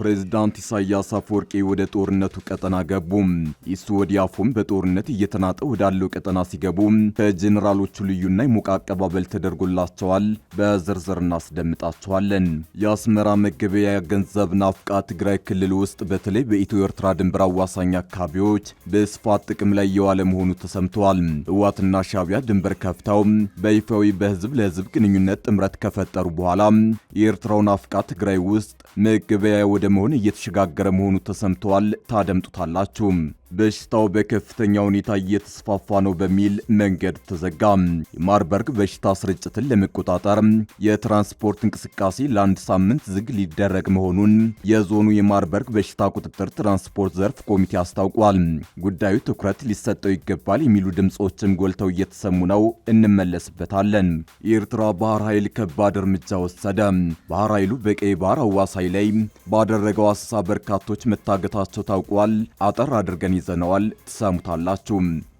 ፕሬዝዳንት ኢሳያስ አፈወርቂ ወደ ጦርነቱ ቀጠና ገቡ። ወዲ ወዲያፎም በጦርነት እየተናጠ ወዳለው ቀጠና ሲገቡ ከጄኔራሎቹ ልዩና የሞቀ አቀባበል ተደርጎላቸዋል። በዝርዝር እናስደምጣቸዋለን። የአስመራ መገበያያ ገንዘብ ናፍቃ ትግራይ ክልል ውስጥ በተለይ በኢትዮ ኤርትራ ድንበር አዋሳኝ አካባቢዎች በስፋት ጥቅም ላይ የዋለ መሆኑ ተሰምተዋል። እዋትና ሻቢያ ድንበር ከፍተው በይፋዊ በህዝብ ለህዝብ ግንኙነት ጥምረት ከፈጠሩ በኋላ የኤርትራው ናፍቃ ትግራይ ውስጥ መገበያ ወደ ለመሆን እየተሸጋገረ መሆኑ ተሰምተዋል። ታደምጡታላችሁ። በሽታው በከፍተኛ ሁኔታ እየተስፋፋ ነው በሚል መንገድ ተዘጋ። የማርበርግ በሽታ ስርጭትን ለመቆጣጠር የትራንስፖርት እንቅስቃሴ ለአንድ ሳምንት ዝግ ሊደረግ መሆኑን የዞኑ የማርበርግ በሽታ ቁጥጥር ትራንስፖርት ዘርፍ ኮሚቴ አስታውቋል። ጉዳዩ ትኩረት ሊሰጠው ይገባል የሚሉ ድምፆችም ጎልተው እየተሰሙ ነው። እንመለስበታለን። የኤርትራ ባህር ኃይል ከባድ እርምጃ ወሰደ። ባህር ኃይሉ በቀይ ባህር አዋሳኝ ላይ ባደረገው አሰሳ በርካቶች መታገታቸው ታውቋል። አጠር አድርገን ይዘነዋል። ትሰሙታላችሁ።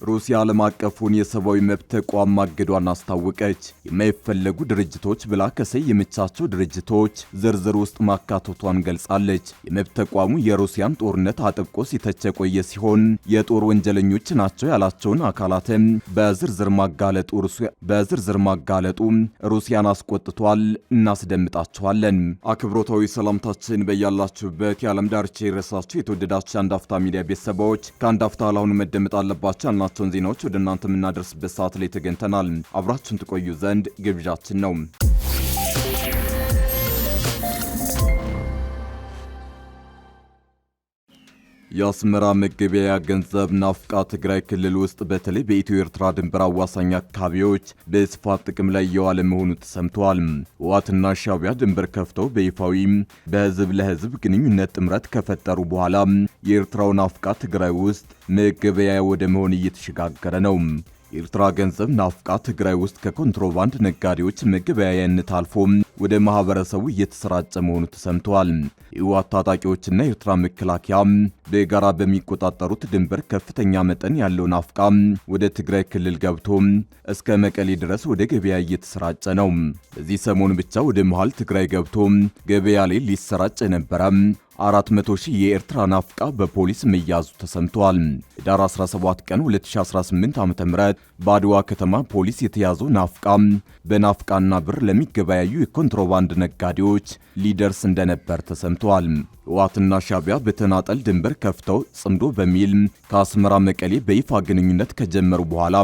ሩሲያ ዓለም አቀፉን የሰብአዊ መብት ተቋም ማገዷን አስታወቀች። የማይፈለጉ ድርጅቶች ብላ ከሰየመቻቸው ድርጅቶች ዝርዝር ውስጥ ማካተቷን ገልጻለች። የመብት ተቋሙ የሩሲያን ጦርነት አጥብቆ ሲተች የቆየ ሲሆን የጦር ወንጀለኞች ናቸው ያላቸውን አካላትም በዝርዝር ማጋለጡ ሩሲያን አስቆጥቷል። እናስደምጣችኋለን። አክብሮታዊ ሰላምታችን በያላችሁበት የዓለም ዳርቻ ይድረሳችሁ። የተወደዳችሁ አፍታ ሚዲያ ቤተሰባዎች አፍታ ላሁኑ መደመጥ አለባቸው የያዝናቸውን ዜናዎች ወደ እናንተ የምናደርስበት ሰዓት ላይ ተገኝተናል። አብራችሁን ትቆዩ ዘንድ ግብዣችን ነው። የአስመራ መገበያ ገንዘብ ናፍቃ ትግራይ ክልል ውስጥ በተለይ በኢትዮ ኤርትራ ድንበር አዋሳኝ አካባቢዎች በስፋት ጥቅም ላይ እየዋለ መሆኑ ተሰምተዋል። ህወሓትና ሻቢያ ድንበር ከፍተው በይፋዊ በህዝብ ለህዝብ ግንኙነት ጥምረት ከፈጠሩ በኋላ የኤርትራው ናፍቃ ትግራይ ውስጥ መገበያያ ወደ መሆን እየተሸጋገረ ነው። የኤርትራ ገንዘብ ናፍቃ ትግራይ ውስጥ ከኮንትሮባንድ ነጋዴዎች መገበያያነት አልፎ ወደ ማህበረሰቡ እየተሰራጨ መሆኑ ተሰምተዋል። የህወሓት ታጣቂዎችና የኤርትራ መከላከያ በጋራ በሚቆጣጠሩት ድንበር ከፍተኛ መጠን ያለው ናፍቃ ወደ ትግራይ ክልል ገብቶ እስከ መቀሌ ድረስ ወደ ገበያ እየተሰራጨ ነው። በዚህ ሰሞን ብቻ ወደ መሃል ትግራይ ገብቶ ገበያ ላይ ሊሰራጭ የነበረ 400 ሺህ የኤርትራ ናፍቃ በፖሊስ መያዙ ተሰምቷል። ኅዳር 17 ቀን 2018 ዓ.ም በአድዋ ከተማ ፖሊስ የተያዘው ናፍቃ በናፍቃና ብር ለሚገበያዩ የኮንትሮባንድ ነጋዴዎች ሊደርስ እንደነበር ተሰምቷል። ህወሓትና ሻቢያ በተናጠል ድንበር ከፍተው ጽምዶ በሚል ከአስመራ መቀሌ በይፋ ግንኙነት ከጀመሩ በኋላ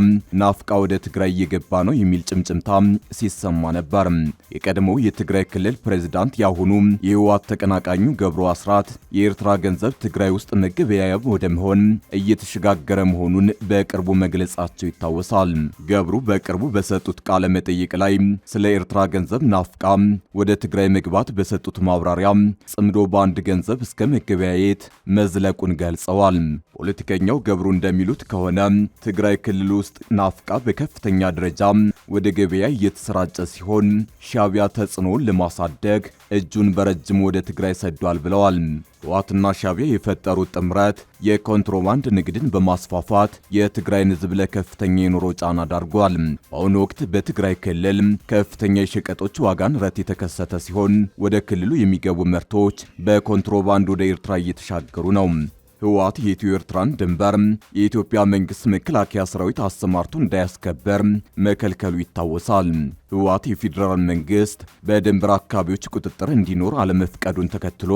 ናፍቃ ወደ ትግራይ እየገባ ነው የሚል ጭምጭምታ ሲሰማ ነበር። የቀድሞው የትግራይ ክልል ፕሬዝዳንት ያሁኑ የህወሓት ተቀናቃኙ ገብሩ አስራት የኤርትራ ገንዘብ ትግራይ ውስጥ መገበያያ ወደ መሆን እየተሸጋገረ መሆኑን በቅርቡ መግለጻቸው ይታወሳል። ገብሩ በቅርቡ በሰጡት ቃለ መጠይቅ ላይ ስለ ኤርትራ ገንዘብ ናፍቃ ወደ ትግራይ መግባት በሰጡት ማብራሪያ ጽምዶ በአንድ ገ ገንዘብ እስከ መገበያየት መዝለቁን ገልጸዋል። ፖለቲከኛው ገብሩ እንደሚሉት ከሆነ ትግራይ ክልል ውስጥ ናፍቃ በከፍተኛ ደረጃ ወደ ገበያ እየተሰራጨ ሲሆን ሻቢያ ተጽዕኖውን ለማሳደግ እጁን በረጅም ወደ ትግራይ ሰዷል ብለዋል። ህወሓትና ሻቢያ የፈጠሩት ጥምረት የኮንትሮባንድ ንግድን በማስፋፋት የትግራይን ህዝብ ለከፍተኛ የኑሮ ጫና ዳርጓል። በአሁኑ ወቅት በትግራይ ክልል ከፍተኛ የሸቀጦች ዋጋ ንረት የተከሰተ ሲሆን ወደ ክልሉ የሚገቡ ምርቶች በኮንትሮ በኮንትሮባንድ ወደ ኤርትራ እየተሻገሩ ነው። ህወሓት የኢትዮ ኤርትራን ድንበር የኢትዮጵያ መንግስት መከላከያ ሰራዊት አሰማርቶ እንዳያስከበር መከልከሉ ይታወሳል። ህወሓት የፌዴራል መንግስት በድንበር አካባቢዎች ቁጥጥር እንዲኖር አለመፍቀዱን ተከትሎ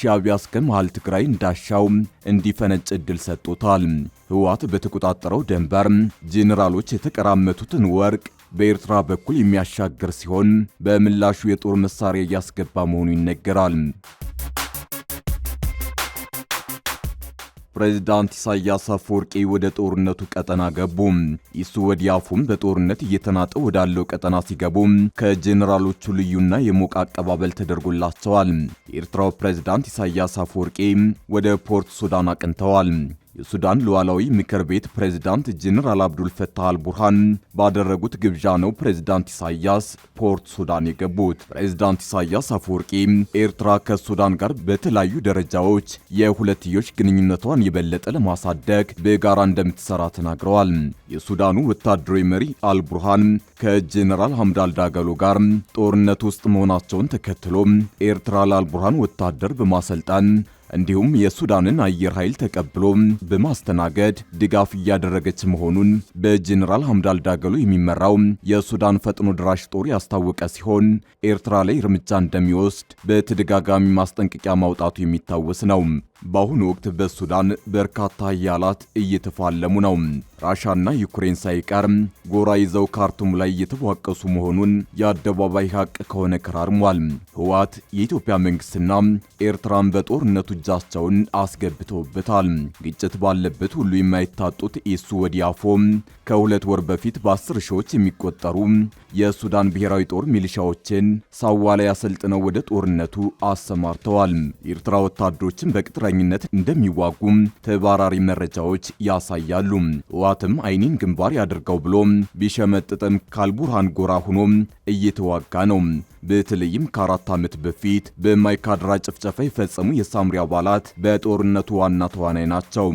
ሻቢያ እስከ መሃል ትግራይ እንዳሻው እንዲፈነጭ እድል ሰጥቶታል። ህወሓት በተቆጣጠረው ድንበር ጄኔራሎች የተቀራመቱትን ወርቅ በኤርትራ በኩል የሚያሻግር ሲሆን በምላሹ የጦር መሳሪያ እያስገባ መሆኑ ይነገራል። ፕሬዚዳንት ኢሳያስ አፈወርቂ ወደ ጦርነቱ ቀጠና ገቡ። ይሱ ወዲያፉም በጦርነት እየተናጠ ወዳለው ቀጠና ሲገቡ ከጄኔራሎቹ ልዩና የሞቀ አቀባበል ተደርጎላቸዋል። የኤርትራው ፕሬዚዳንት ኢሳያስ አፈወርቂ ወደ ፖርት ሱዳን አቅንተዋል። የሱዳን ሉዓላዊ ምክር ቤት ፕሬዝዳንት ጄኔራል አብዱልፈታህ አልቡርሃን ባደረጉት ግብዣ ነው ፕሬዝዳንት ኢሳያስ ፖርት ሱዳን የገቡት። ፕሬዝዳንት ኢሳያስ አፈወርቂ ኤርትራ ከሱዳን ጋር በተለያዩ ደረጃዎች የሁለትዮሽ ግንኙነቷን የበለጠ ለማሳደግ በጋራ እንደምትሰራ ተናግረዋል። የሱዳኑ ወታደራዊ መሪ አልቡርሃን ከጀኔራል ሐምዳል ዳገሎ ጋር ጦርነት ውስጥ መሆናቸውን ተከትሎ ኤርትራ ለአልቡርሃን ወታደር በማሰልጠን እንዲሁም የሱዳንን አየር ኃይል ተቀብሎ በማስተናገድ ድጋፍ እያደረገች መሆኑን በጀኔራል ሐምዳል ዳገሎ የሚመራው የሱዳን ፈጥኖ ድራሽ ጦር ያስታወቀ ሲሆን ኤርትራ ላይ እርምጃ እንደሚወስድ በተደጋጋሚ ማስጠንቀቂያ ማውጣቱ የሚታወስ ነው። በአሁኑ ወቅት በሱዳን በርካታ ኃያላት እየተፋለሙ ነው። ራሻና ዩክሬን ሳይቀር ጎራ ይዘው ካርቱም ላይ እየተቧቀሱ መሆኑን የአደባባይ ሀቅ ከሆነ ከራርሟል። ህወሓት የኢትዮጵያ መንግስትና ኤርትራን በጦርነቱ እጃቸውን አስገብተውበታል። ግጭት ባለበት ሁሉ የማይታጡት ኢሱ ወዲያፎ ከሁለት ወር በፊት በአስር ሺዎች የሚቆጠሩ የሱዳን ብሔራዊ ጦር ሚሊሻዎችን ሳዋ ላይ አሰልጥነው ወደ ጦርነቱ አሰማርተዋል። የኤርትራ ወታደሮችን በቅጥረኝነት እንደሚዋጉ ተባራሪ መረጃዎች ያሳያሉ። ህወሓትም አይኒን ግንባር ያድርገው ብሎ ቢሸመጥጥም ካልቡርሃን ጎራ ሆኖ እየተዋጋ ነው። በተለይም ከአራት ዓመት በፊት በማይካድራ ጭፍጨፋ የፈጸሙ የሳምሪ አባላት በጦርነቱ ዋና ተዋናይ ናቸው።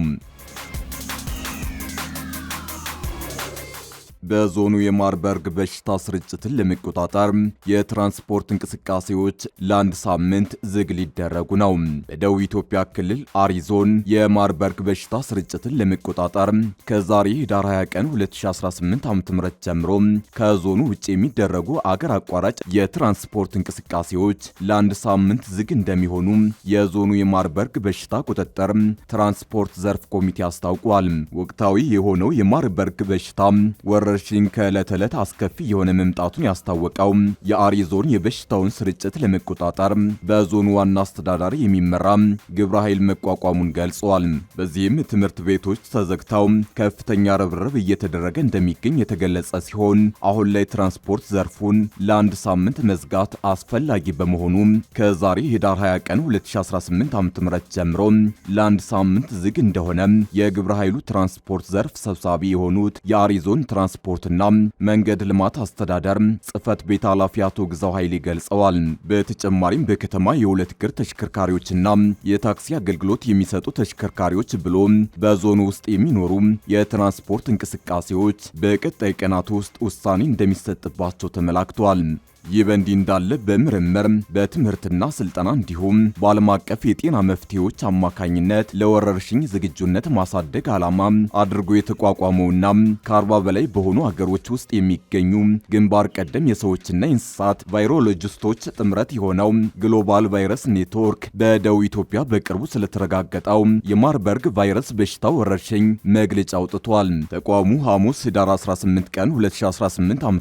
በዞኑ የማርበርግ በሽታ ስርጭትን ለመቆጣጠር የትራንስፖርት እንቅስቃሴዎች ለአንድ ሳምንት ዝግ ሊደረጉ ነው። በደቡብ ኢትዮጵያ ክልል አሪ ዞን የማርበርግ በሽታ ስርጭትን ለመቆጣጠር ከዛሬ ህዳር 20 ቀን 2018 ዓ.ም ጀምሮ ከዞኑ ውጭ የሚደረጉ አገር አቋራጭ የትራንስፖርት እንቅስቃሴዎች ለአንድ ሳምንት ዝግ እንደሚሆኑ የዞኑ የማርበርግ በሽታ ቁጥጥር ትራንስፖርት ዘርፍ ኮሚቴ አስታውቋል። ወቅታዊ የሆነው የማርበርግ በሽታ ወረ ወረርሽኝ ከዕለት ዕለት አስከፊ የሆነ መምጣቱን ያስታወቀው የአሪ ዞን የበሽታውን ስርጭት ለመቆጣጠር በዞኑ ዋና አስተዳዳሪ የሚመራ ግብረ ኃይል መቋቋሙን ገልጸዋል። በዚህም ትምህርት ቤቶች ተዘግተው ከፍተኛ ርብርብ እየተደረገ እንደሚገኝ የተገለጸ ሲሆን አሁን ላይ ትራንስፖርት ዘርፉን ለአንድ ሳምንት መዝጋት አስፈላጊ በመሆኑ ከዛሬ ኅዳር 20 ቀን 2018 ዓ.ም ጀምሮ ለአንድ ሳምንት ዝግ እንደሆነ የግብረ ኃይሉ ትራንስፖርት ዘርፍ ሰብሳቢ የሆኑት የአሪዞን ትራንስፖርት ትራንስፖርትና መንገድ ልማት አስተዳደር ጽህፈት ቤት ኃላፊ አቶ ግዛው ኃይሌ ገልጸዋል። በተጨማሪም በከተማ የሁለት እግር ተሽከርካሪዎችና የታክሲ አገልግሎት የሚሰጡ ተሽከርካሪዎች ብሎ በዞኑ ውስጥ የሚኖሩ የትራንስፖርት እንቅስቃሴዎች በቀጣይ ቀናት ውስጥ ውሳኔ እንደሚሰጥባቸው ተመላክቷል። ይህ በእንዲህ እንዳለ በምርምር በትምህርትና ስልጠና እንዲሁም በዓለም አቀፍ የጤና መፍትሄዎች አማካኝነት ለወረርሽኝ ዝግጁነት ማሳደግ ዓላማ አድርጎ የተቋቋመውና ከአርባ በላይ በሆኑ አገሮች ውስጥ የሚገኙ ግንባር ቀደም የሰዎችና የእንስሳት ቫይሮሎጂስቶች ጥምረት የሆነው ግሎባል ቫይረስ ኔትወርክ በደቡብ ኢትዮጵያ በቅርቡ ስለተረጋገጠው የማርበርግ ቫይረስ በሽታ ወረርሽኝ መግለጫ አውጥቷል። ተቋሙ ሐሙስ ህዳር 18 ቀን 2018 ዓ.ም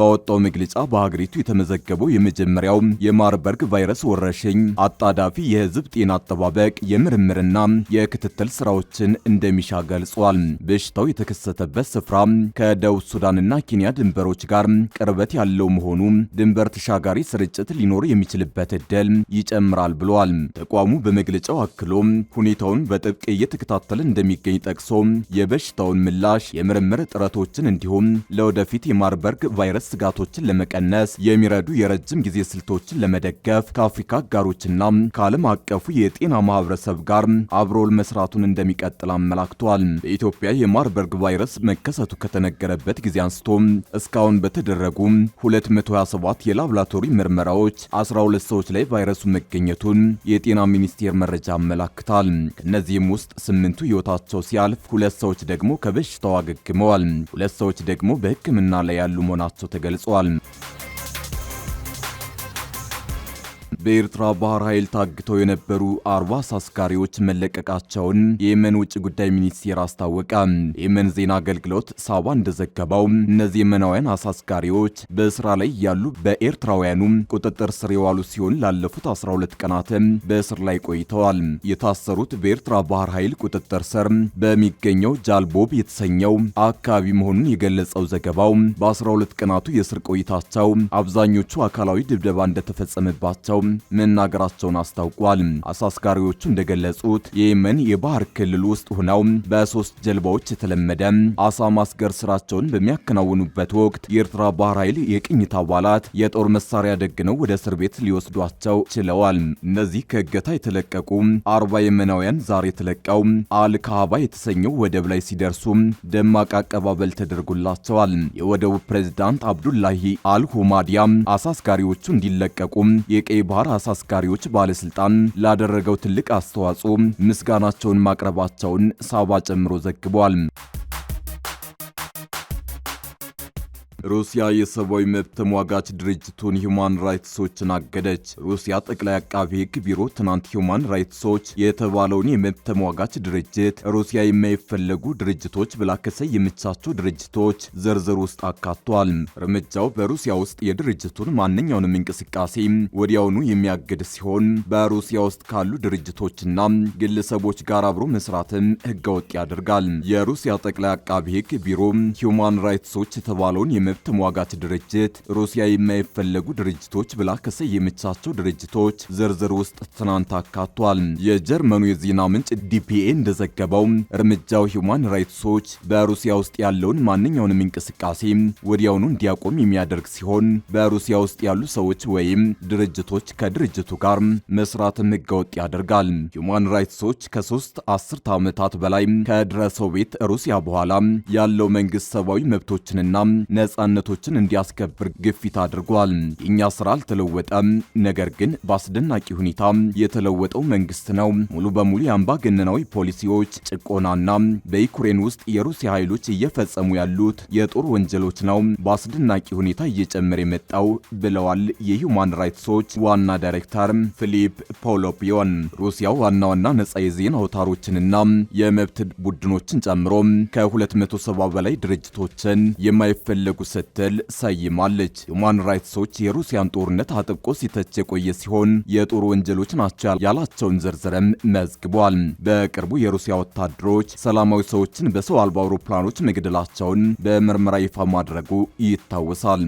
ባወጣው መግለጫ በሀገሪቱ በሀገሪቱ የተመዘገበው የመጀመሪያው የማርበርግ ቫይረስ ወረርሽኝ አጣዳፊ የህዝብ ጤና አጠባበቅ የምርምርና የክትትል ስራዎችን እንደሚሻ ገልጿል። በሽታው የተከሰተበት ስፍራ ከደቡብ ሱዳንና ኬንያ ድንበሮች ጋር ቅርበት ያለው መሆኑ ድንበር ተሻጋሪ ስርጭት ሊኖር የሚችልበት እድል ይጨምራል ብሏል። ተቋሙ በመግለጫው አክሎ ሁኔታውን በጥብቅ እየተከታተለ እንደሚገኝ ጠቅሶ የበሽታውን ምላሽ፣ የምርምር ጥረቶችን እንዲሁም ለወደፊት የማርበርግ ቫይረስ ስጋቶችን ለመቀነስ የሚረዱ የረጅም ጊዜ ስልቶችን ለመደገፍ ከአፍሪካ አጋሮችና ከዓለም አቀፉ የጤና ማህበረሰብ ጋር አብሮ መስራቱን እንደሚቀጥል አመላክቷል። በኢትዮጵያ የማርበርግ ቫይረስ መከሰቱ ከተነገረበት ጊዜ አንስቶ እስካሁን በተደረጉ 227 የላብራቶሪ ምርመራዎች 12 ሰዎች ላይ ቫይረሱ መገኘቱን የጤና ሚኒስቴር መረጃ አመላክታል። ከእነዚህም ውስጥ ስምንቱ ሕይወታቸው ሲያልፍ፣ ሁለት ሰዎች ደግሞ ከበሽታው አገግመዋል። ሁለት ሰዎች ደግሞ በሕክምና ላይ ያሉ መሆናቸው ተገልጿል። በኤርትራ ባህር ኃይል ታግተው የነበሩ አርባ አሳስጋሪዎች መለቀቃቸውን የየመን ውጭ ጉዳይ ሚኒስቴር አስታወቀ። የየመን ዜና አገልግሎት ሳባ እንደዘገበው እነዚህ የመናውያን አሳስጋሪዎች በስራ ላይ ያሉ በኤርትራውያኑ ቁጥጥር ስር የዋሉ ሲሆን ላለፉት 12 ቀናትም በእስር ላይ ቆይተዋል። የታሰሩት በኤርትራ ባህር ኃይል ቁጥጥር ስር በሚገኘው ጃልቦብ የተሰኘው አካባቢ መሆኑን የገለጸው ዘገባው በ12 ቀናቱ የእስር ቆይታቸው አብዛኞቹ አካላዊ ድብደባ እንደተፈጸመባቸው መናገራቸውን አስታውቋል። አሳስጋሪዎቹ እንደገለጹት የየመን የባህር ክልል ውስጥ ሆነው በሶስት ጀልባዎች የተለመደ አሳ ማስገር ስራቸውን በሚያከናውኑበት ወቅት የኤርትራ ባህር ኃይል የቅኝት አባላት የጦር መሳሪያ ደግነው ወደ እስር ቤት ሊወስዷቸው ችለዋል። እነዚህ ከእገታ የተለቀቁ አርባ የመናውያን ዛሬ የተለቀው አልካባ የተሰኘው ወደብ ላይ ሲደርሱ ደማቅ አቀባበል ተደርጎላቸዋል። የወደቡ ፕሬዝዳንት አብዱላሂ አልሁማዲያ አሳስጋሪዎቹ እንዲለቀቁ የቀይ ባህር ራስ አሳስጋሪዎች ባለስልጣን ላደረገው ትልቅ አስተዋጽኦ ምስጋናቸውን ማቅረባቸውን ሳባ ጨምሮ ዘግቧል። ሩሲያ የሰብአዊ መብት ተሟጋች ድርጅቱን ሂውማን ራይትሶችን አገደች። ሩሲያ ጠቅላይ አቃቢ ሕግ ቢሮ ትናንት ሂውማን ራይትሶች የተባለውን የመብት ተሟጋች ድርጅት ሩሲያ የማይፈለጉ ድርጅቶች ብላ ከሰየመቻቸው ድርጅቶች ዝርዝር ውስጥ አካቷል። እርምጃው በሩሲያ ውስጥ የድርጅቱን ማንኛውንም እንቅስቃሴ ወዲያውኑ የሚያግድ ሲሆን በሩሲያ ውስጥ ካሉ ድርጅቶችና ግለሰቦች ጋር አብሮ መስራትን ህገወጥ ያደርጋል። የሩሲያ ጠቅላይ አቃቢ ሕግ ቢሮ ሂውማን ራይትሶች የተባለውን የመብት ተሟጋች ድርጅት፣ ሩሲያ የማይፈለጉ ድርጅቶች ብላ ከሰየመቻቸው ድርጅቶች ዝርዝር ውስጥ ትናንት አካቷል። የጀርመኑ የዜና ምንጭ ዲፒኤ እንደዘገበው እርምጃው ሂውማን ራይትስ ዎች በሩሲያ ውስጥ ያለውን ማንኛውንም እንቅስቃሴ ወዲያውኑ እንዲያቆም የሚያደርግ ሲሆን በሩሲያ ውስጥ ያሉ ሰዎች ወይም ድርጅቶች ከድርጅቱ ጋር መስራትም ህገወጥ ያደርጋል። ሂውማን ራይትስ ዎች ከሶስት አስርት ዓመታት በላይ ከድህረ ሶቪየት ሩሲያ በኋላ ያለው መንግስት ሰብአዊ መብቶችንና ነጻ ነጻነቶችን እንዲያስከብር ግፊት አድርጓል። የእኛ ስራ አልተለወጠም፣ ነገር ግን በአስደናቂ ሁኔታ የተለወጠው መንግስት ነው። ሙሉ በሙሉ የአምባገነናዊ ፖሊሲዎች ጭቆናና በዩክሬን ውስጥ የሩሲያ ኃይሎች እየፈጸሙ ያሉት የጦር ወንጀሎች ነው በአስደናቂ ሁኔታ እየጨመረ የመጣው ብለዋል የሁማን ራይትስ ዎች ዋና ዳይሬክተር ፊሊፕ ፖሎፒዮን። ሩሲያ ዋና ዋና ነጻ የዜና አውታሮችንና የመብት ቡድኖችን ጨምሮ ከ270 በላይ ድርጅቶችን የማይፈለጉ ስትል ሰይማለች። ሁማን ራይትስ ዎች የሩሲያን ጦርነት አጥብቆ ሲተች የቆየ ሲሆን የጦር ወንጀሎች ናቸው ያላቸውን ዝርዝርም መዝግቧል። በቅርቡ የሩሲያ ወታደሮች ሰላማዊ ሰዎችን በሰው አልባ አውሮፕላኖች መግደላቸውን በምርመራ ይፋ ማድረጉ ይታወሳል።